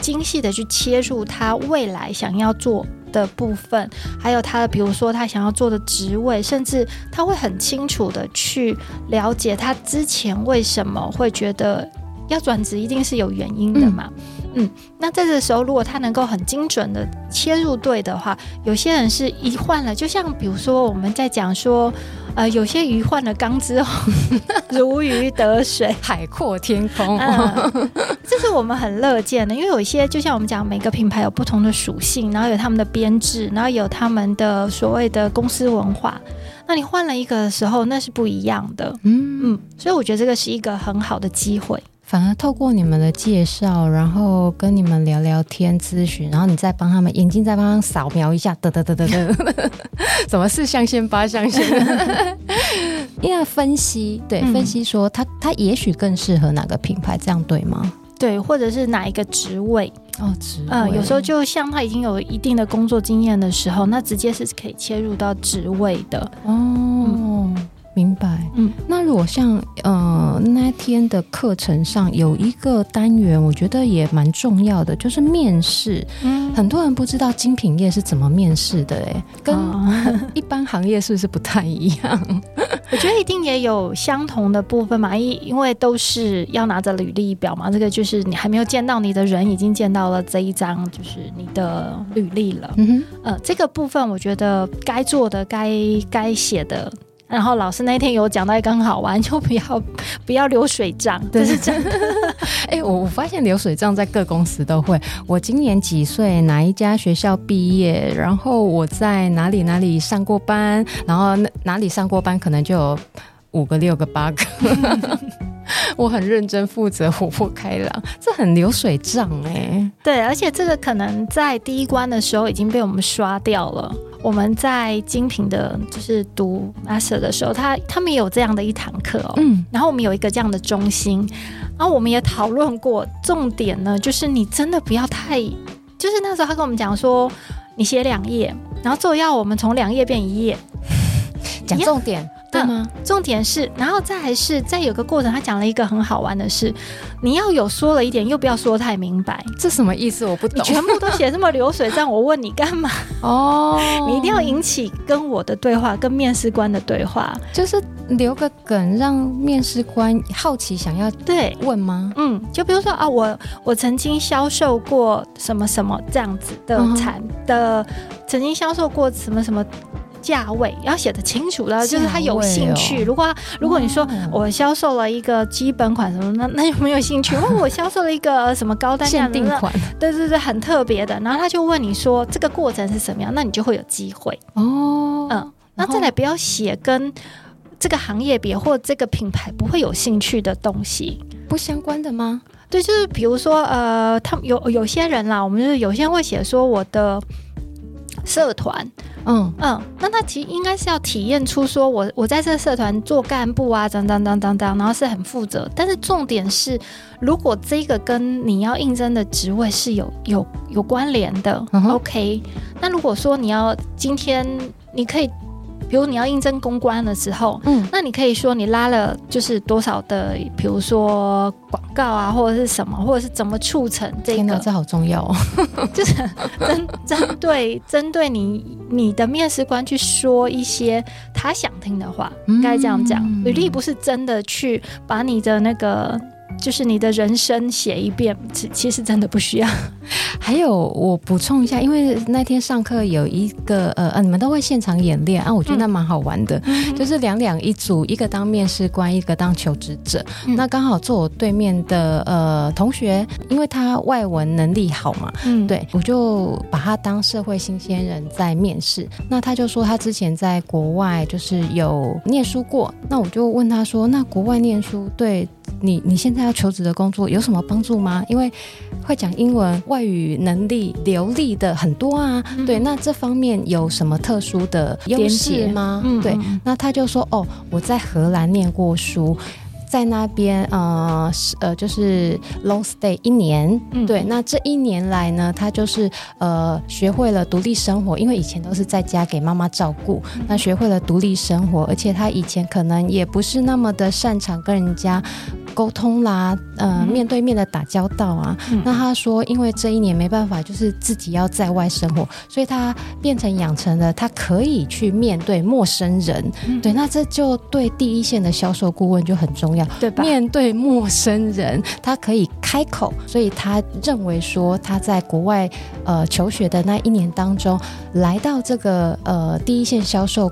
精細的去切入他未來想要做的部分，還有他的比如說他想要做的職位，甚至他會很清楚的去了解他之前為什麼會覺得要轉職，一定是有原因的嘛。嗯嗯，那在這時候如果他能夠很精準的切入對的話，有些人是一換了，就像比如說我們在講說，呃，有些魚換了缸之後 如魚得水，海闊天空，嗯、 這是我們很樂見的。因為有一些，就像我們講，每個品牌有不同的屬性，然後有他們的編制，然後有他們的所謂的公司文化。那你換了一個的時候，那是不一樣的。嗯，嗯，所以我覺得這個是一個很好的機會。反而透過你們的介紹，然後跟你們聊聊天、諮詢，然後你再幫他們眼睛再幫他們掃描一下，得得得得得， 怎麼四象限八象限？ 因為分析，對、嗯、分析說他他也許更適合哪個品牌，這樣對嗎？對，或者是哪一個職位？哦，職位、呃、有時候就像他已經有一定的工作經驗的時候，那直接是可以切入到職位的哦。嗯明白，嗯，那如果像呃那天的課程上有一個單元，我覺得也蠻重要的，就是面試。嗯，很多人不知道精品業是怎麼面試的，欸，哎，跟，嗯， 一般行業是不是不太一樣？我覺得一定也有相同的部分嘛，因因為都是要拿着履歷表嘛，這個就是你還沒有見到你的人，已經見到了這一張，就是你的履歷了。嗯哼，呃，這個部分我覺得該做的、該該寫的。然後老師那天有講到一個好玩，就不要不要流水賬，就是這樣對。哎、 欸，我我發現流水賬在各公司都會。我今年幾歲？哪一家學校畢業？然後我在哪裡哪裡上過班？然後哪，哪裡上過班，可能就有五個、六個、八個。嗯 我很認真負責，活潑開朗，這很流水賬哎、欸。對，而且這個可能在第一關的時候已經被我們刷掉了。我們在精品的，就是讀 master 的時候，他他們也有這樣的一堂課哦、喔。嗯，然後我們有一個這樣的中心，然後我們也討論過，重點呢就是你真的不要太，就是那時候他跟我們講說，你寫兩頁，然後最後要我們從兩頁變一頁，講 重點。Yeah. 對嗎、嗯？重點是，然後再還是再有個過程，他講了一個很好玩的事。你要有說了一點，又不要說太明白，這什麼意思？我不懂。全部都寫這麼流水賬， 我問你幹嘛？哦，你一定要引起跟我的對話，跟面試官的對話，就是留個梗，讓面試官好奇，想要對問嗎？對？嗯，就比如說啊，我我曾經銷售過什麼什麼這樣子的產、嗯、哼的，曾經銷售過什麼什麼。價位要寫得清楚了，就是他有興趣。哦、如果如果你說我銷售了一個基本款什麼哦哦，那那有沒有興趣？問我銷售了一個什麼高端 限定款，對對對，很特別的，然後他就問你說這個過程是什麼樣，那你就會有機會哦。嗯，那再來不要寫跟這個行業別或這個品牌不會有興趣的東西，不相關的嗎？對，就是比如說呃，他們有有些人啦，我們就是有些人會寫說我的。社團，嗯嗯，那他其實應該是要體驗出，說我我在這個社團做幹部啊，等等等等，然後是很負責。但是重點是，如果這個跟你要應徵的職位是有有有關聯的、嗯、哼，OK。那如果說你要今天，你可以。比如你要應徵公關的時候，嗯，那你可以說你拉了就是多少的，比如說廣告啊，或者是什麼，或者是怎麼促成這個？天哪，這好重要，哦， 就是針針對針對你你的面試官去說一些他想聽的話，應該、嗯、這樣講。履歷不是真的去把你的那個。就是你的人生寫一遍，其實真的不需要。還有，我補充一下，因為那天上課有一個呃，你們都會現場演練啊，我覺得那蠻好玩的。嗯、就是兩兩一組，一個當面試官，一個當求職者。嗯、那剛好坐我對面的呃同學，因為他外文能力好嘛，嗯、對，我就把他當社會新鮮人在面試。那他就說他之前在國外就是有念書過，那我就問他說，那國外念書對？你你現在要求職的工作有什麼幫助嗎？因為會講英文、外語能力流利的很多啊。嗯、哼對，那這方面有什麼特殊的優勢嗎？嗯、對，那他就說哦，我在荷蘭念過書。在那邊，呃，呃，就是 long stay 一年，嗯、對。那這一年來呢，他就是呃，學會了獨立生活，因為以前都是在家給媽媽照顧，那學會了獨立生活，而且他以前可能也不是那麼的擅長跟人家溝通啦，呃，面對面的打交道啊。嗯、那他說，因為這一年沒辦法，就是自己要在外生活，所以他變成養成了，他可以去面對陌生人。嗯、對，那這就對第一線的銷售顧問就很重要。對吧？面對陌生人，他可以開口，所以他認為說他在國外呃求學的那一年當中，來到這個呃第一線銷售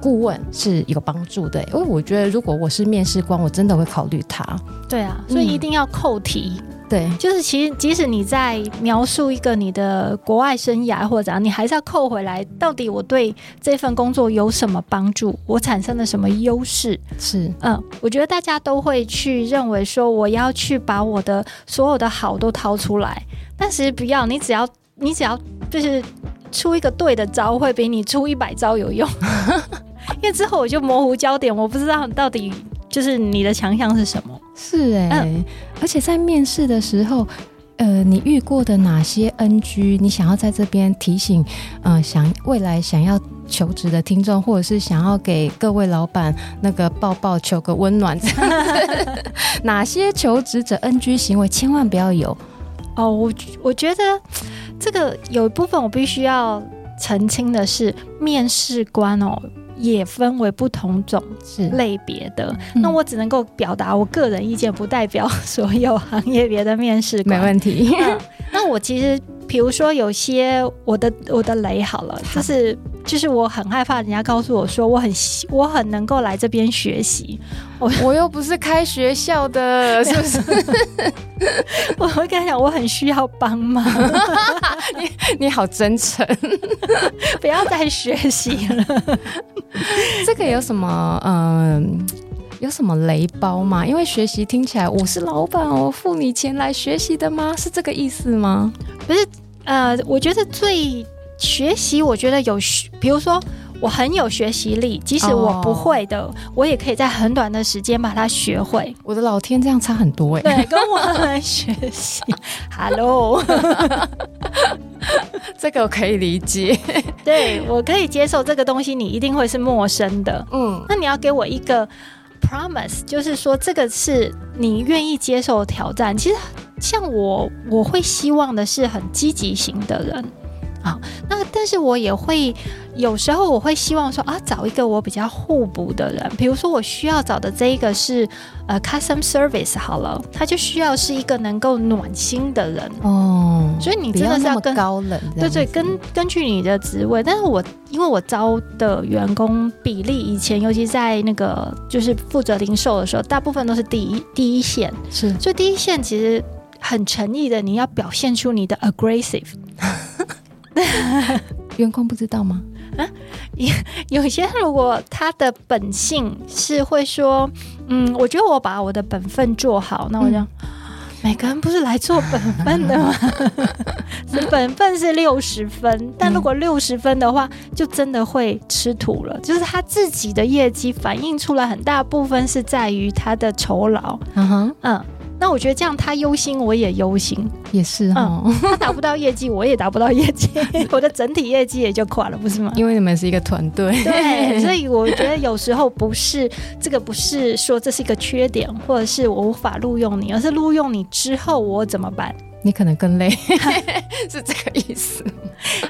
顧問是有幫助的。因為我覺得，如果我是面試官，我真的會考慮他。對啊，所以一定要扣題。嗯嗯對，就是其實即使你在描述一個你的國外生涯，或者怎樣，你還是要扣回來，到底我對這份工作有什麼幫助，我產生了什麼優勢？是，嗯，我覺得大家都會去認為說，我要去把我的所有的好都掏出來，但是不要，你只要，你只要就是出一個對的招，會比你出一百招有用， 因為之後我就模糊焦點，我不知道到底就是你的強項是什麼。是哎、欸，嗯，而且在面試的時候，呃，你遇過的哪些 NG？你想要在這邊提醒，呃，想未來想要求職的聽眾，或者是想要給各位老闆那個抱抱，求個溫暖。 哪些求職者 NG 行為千萬不要有？哦，我我覺得這個有一部分我必須要澄清的是，面試官哦。也分為不同種類別的，嗯、那我只能夠表達我個人意見，不代表所有行業別的面試。沒問題，嗯、 那我其實。比如說，有些我的我的雷好了，就好是就是我很害怕人家告訴我說，我很我很能夠來這邊學習。我我又不是開學校的， 是不是？ 我會跟他講，我很需要幫忙。 你你好真誠 不要再學習了。 這個有什麼？嗯。有什麼雷包嗎？因為學習聽起來，我是老闆，哦，我付你錢來學習的嗎？是這個意思嗎？不是，呃，我覺得最學習，我覺得有，比如說我很有學習力，即使我不會的，哦，我也可以在很短的時間把它學會。我的老天，這樣差很多哎，欸！對，跟我來學習。 Hello， 這個我可以理解。對，我可以接受這個東西，你一定會是陌生的。嗯，那你要給我一個。Promise 就是說，這個是你願意接受的挑戰。其實，像我，我會希望的是很積極型的人。那但是我也會有時候我會希望說啊，找一個我比較互補的人，比如說我需要找的這一個是呃，custom service 好了，他就需要是一個能夠暖心的人哦。所以你真的是要跟要高冷，對對，根根據你的職位。但是我因為我招的員工比例以前，尤其在那個就是負責零售的時候，大部分都是第一第一線，是，所以第一線其實很誠意的，你要表現出你的 aggressive。 員工不知道嗎？有些如果他的本性是會說，嗯，我覺得我把我的本分做好，那我就、嗯、每個人不是來做本分的嗎？ 本分是六十分，但如果六十分的話，嗯、就真的會吃土了。就是他自己的業績反映出來，很大部分是在於他的酬勞。嗯哼、uh-huh. 嗯。那我覺得這樣，他憂心，我也憂心，也是哦，嗯，他達不、不到業績，我也達不到業績，我的整體業績也就垮了，不是嗎？因為你們是一個團隊，對。所以我覺得有時候不是 這個，不是說這是一個缺點，或者是我無法錄用你，而是錄用你之後我怎麼辦？你可能更累， 是這個意思。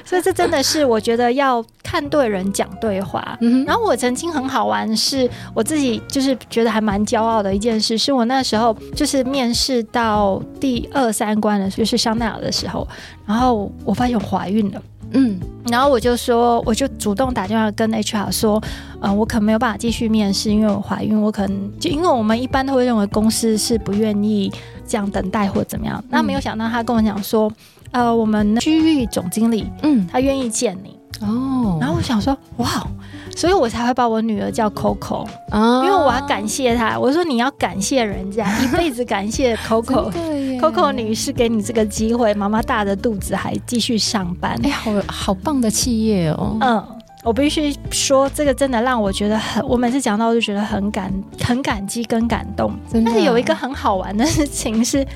所以這真的是我覺得要看對人講對話。嗯、哼然後我曾經很好玩是，是我自己就是覺得還蠻驕傲的一件事，是我那時候就是面試到第二三關的時候，就是香奈兒的時候，然後我發現我懷孕了。嗯，然後我就說，我就主動打電話跟 HR 說，呃，我可沒有辦法繼續面試，因為我懷孕，我可能就因為我們一般都會認為公司是不願意這樣等待或怎麼樣，那、嗯、沒有想到他跟我講說，呃，我們區域總經理，嗯，他願意見你哦，然後我想說，哇。所以我才會把我女兒叫 Coco，、哦、因為我要感謝她。我說，你要感謝人家， 一輩子感謝 Coco，Coco 女士給你這個機會，媽媽大着肚子還繼續上班。哎呀、欸，好好棒的企業哦！嗯，我必須說，這個真的讓我覺得很，我每次講到我就覺得很感很感激跟感動。啊、但是有一個很好玩的事情是，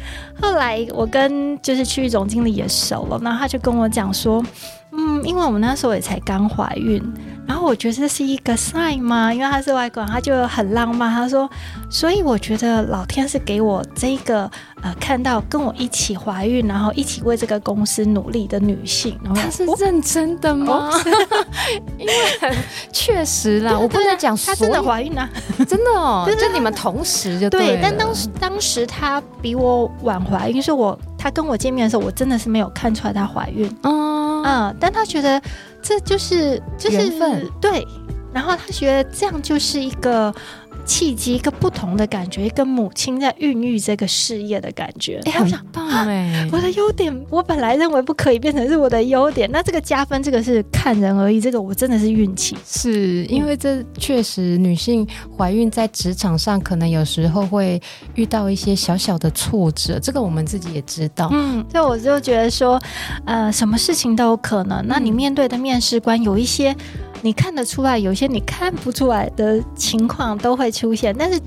後來我跟就是區域總經理也熟了，然後他就跟我講說，嗯，因為我們那時候也才剛懷孕。然後我覺得這是一個 sign 嘛，因為他是外國人，他就很浪漫。他說：“所以我覺得老天是給我這個呃，看到跟我一起懷孕，然後一起為這個公司努力的女性。然後他”他是認真的嗎？哦、 因為很確實啦， 對我不能講所她真的懷孕啊？ 真的，哦？就你們同時就對，對？但當時當時她比我晚懷孕，所以我她跟我見面的時候，我真的是沒有看出來她懷孕。嗯嗯，但她覺得。這就是就是緣分，對，然後他覺得這樣就是一個契機一個不同的感覺，一個母親在孕育這個事業的感覺。哎誒，好想，哇、啊，我的優點，我本來認為不可以變成是我的優點，那這個加分，這個是看人而已。這個我真的是運氣，是因為這確實女性懷孕在職場上，可能有時候會遇到一些小小的挫折，這個我們自己也知道。嗯，所以我就覺得說，呃，什麼事情都有可能。嗯、那你面對的面試官有一些。你看得出來，有些你看不出來的情況都會出現。但是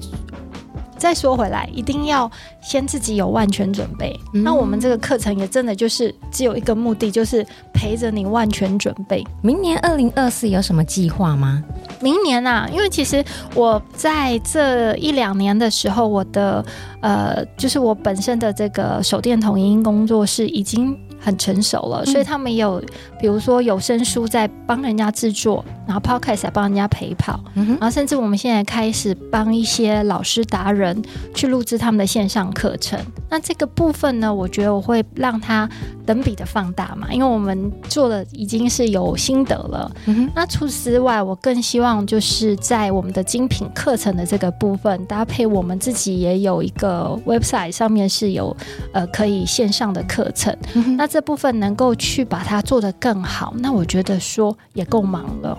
再說回來，一定要先自己有萬全準備。嗯、那我們這個課程也真的就是只有一個目的，就是陪着你萬全準備。明年二零二四有什麼計劃嗎？明年啊，因為其實我在這一兩年的時候，我的呃，就是我本身的這個手電筒影音工作室已經。很成熟了，所以他們也有，比如說有聲書在幫人家制作，然後 Podcast 在幫人家陪跑，嗯、哼然後甚至我們現在開始幫一些老師達人去錄製他們的線上課程。那這個部分呢，我覺得我會讓它等比的放大嘛，因為我們做的已經是有心得了。嗯、哼那除此之外，我更希望就是在我們的精品課程的這個部分搭配，我們自己也有一個 website 上面是有呃可以線上的課程。嗯、哼那、這個這部分能夠去把它做得更好，那我覺得說也夠忙了。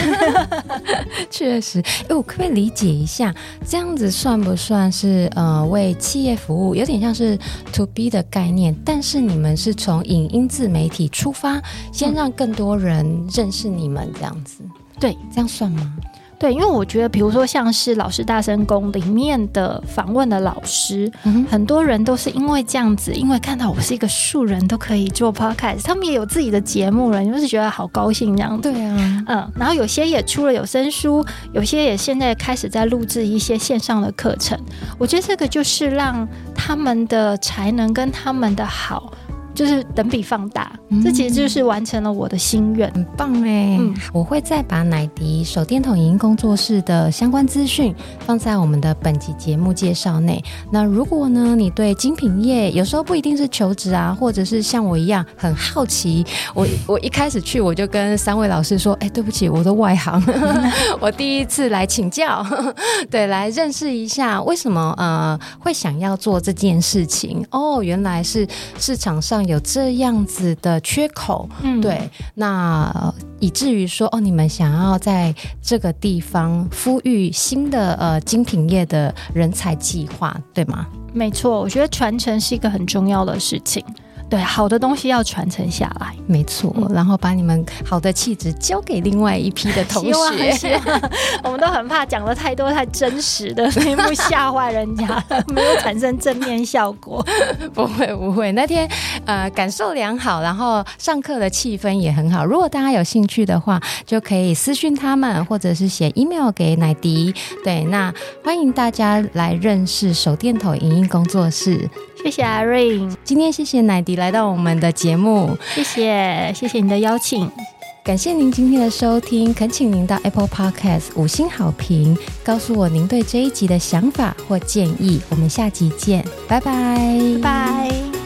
確實，哎，我可不可以理解一下，這樣子算不算是呃為企業服務？有點像是 to B 的概念，但是你們是從影音自媒體出發，先讓更多人認識你們，這樣子，嗯、對，這樣算嗎？對，因為我覺得，比如說像是老師大聲公裡面的訪問的老師，嗯、哼很多人都是因為這樣子，因為看到我是一個素人都可以做 Podcast，他們也有自己的節目了，就是覺得好高興這樣子。對啊，嗯，然後有些也出了有聲書，有些也現在開始在錄制一些線上的課程。我覺得這個就是讓他們的才能跟他們的好。就是等比放大，嗯、這其實就是完成了我的心願，嗯、很棒哎、欸！嗯、我會再把乃滌手電筒影音工作室的相關資訊放在我們的本集節目介紹內。那如果呢，你對精品業有時候不一定是求職啊，或者是像我一樣很好奇，我我一開始去我就跟三位老師說：“哎、欸，對不起，我的外行， 我第一次來請教， 對，來認識一下，為什麼呃會想要做這件事情？哦，原來是市場上。”有這樣子的缺口，嗯、對，那以至於說，哦，你們想要在這個地方孵育新的呃精品業的人才計劃，對嗎？沒錯，我覺得傳承是一個很重要的事情。對，好的東西要傳承下來，沒錯錯。嗯、然後把你們好的氣質交給另外一批的同學。我們都很怕講了太多太真實的，所以 不嚇壞人家，沒有產生正面效果。 不會，不會。那天呃，感受良好，然後上課的氣氛也很好。如果大家有興趣的話，就可以私訊他們，或者是寫 email 給乃滌。對，那歡迎大家來認識手電筒影音工作室。謝謝阿瑞，今天謝謝乃滌來到我們的節目，謝謝謝謝您的邀請，感謝您今天的收聽，懇請您到 Apple Podcast 五星好評，告訴我您對這一集的想法或建議，我們下集見，拜拜拜拜。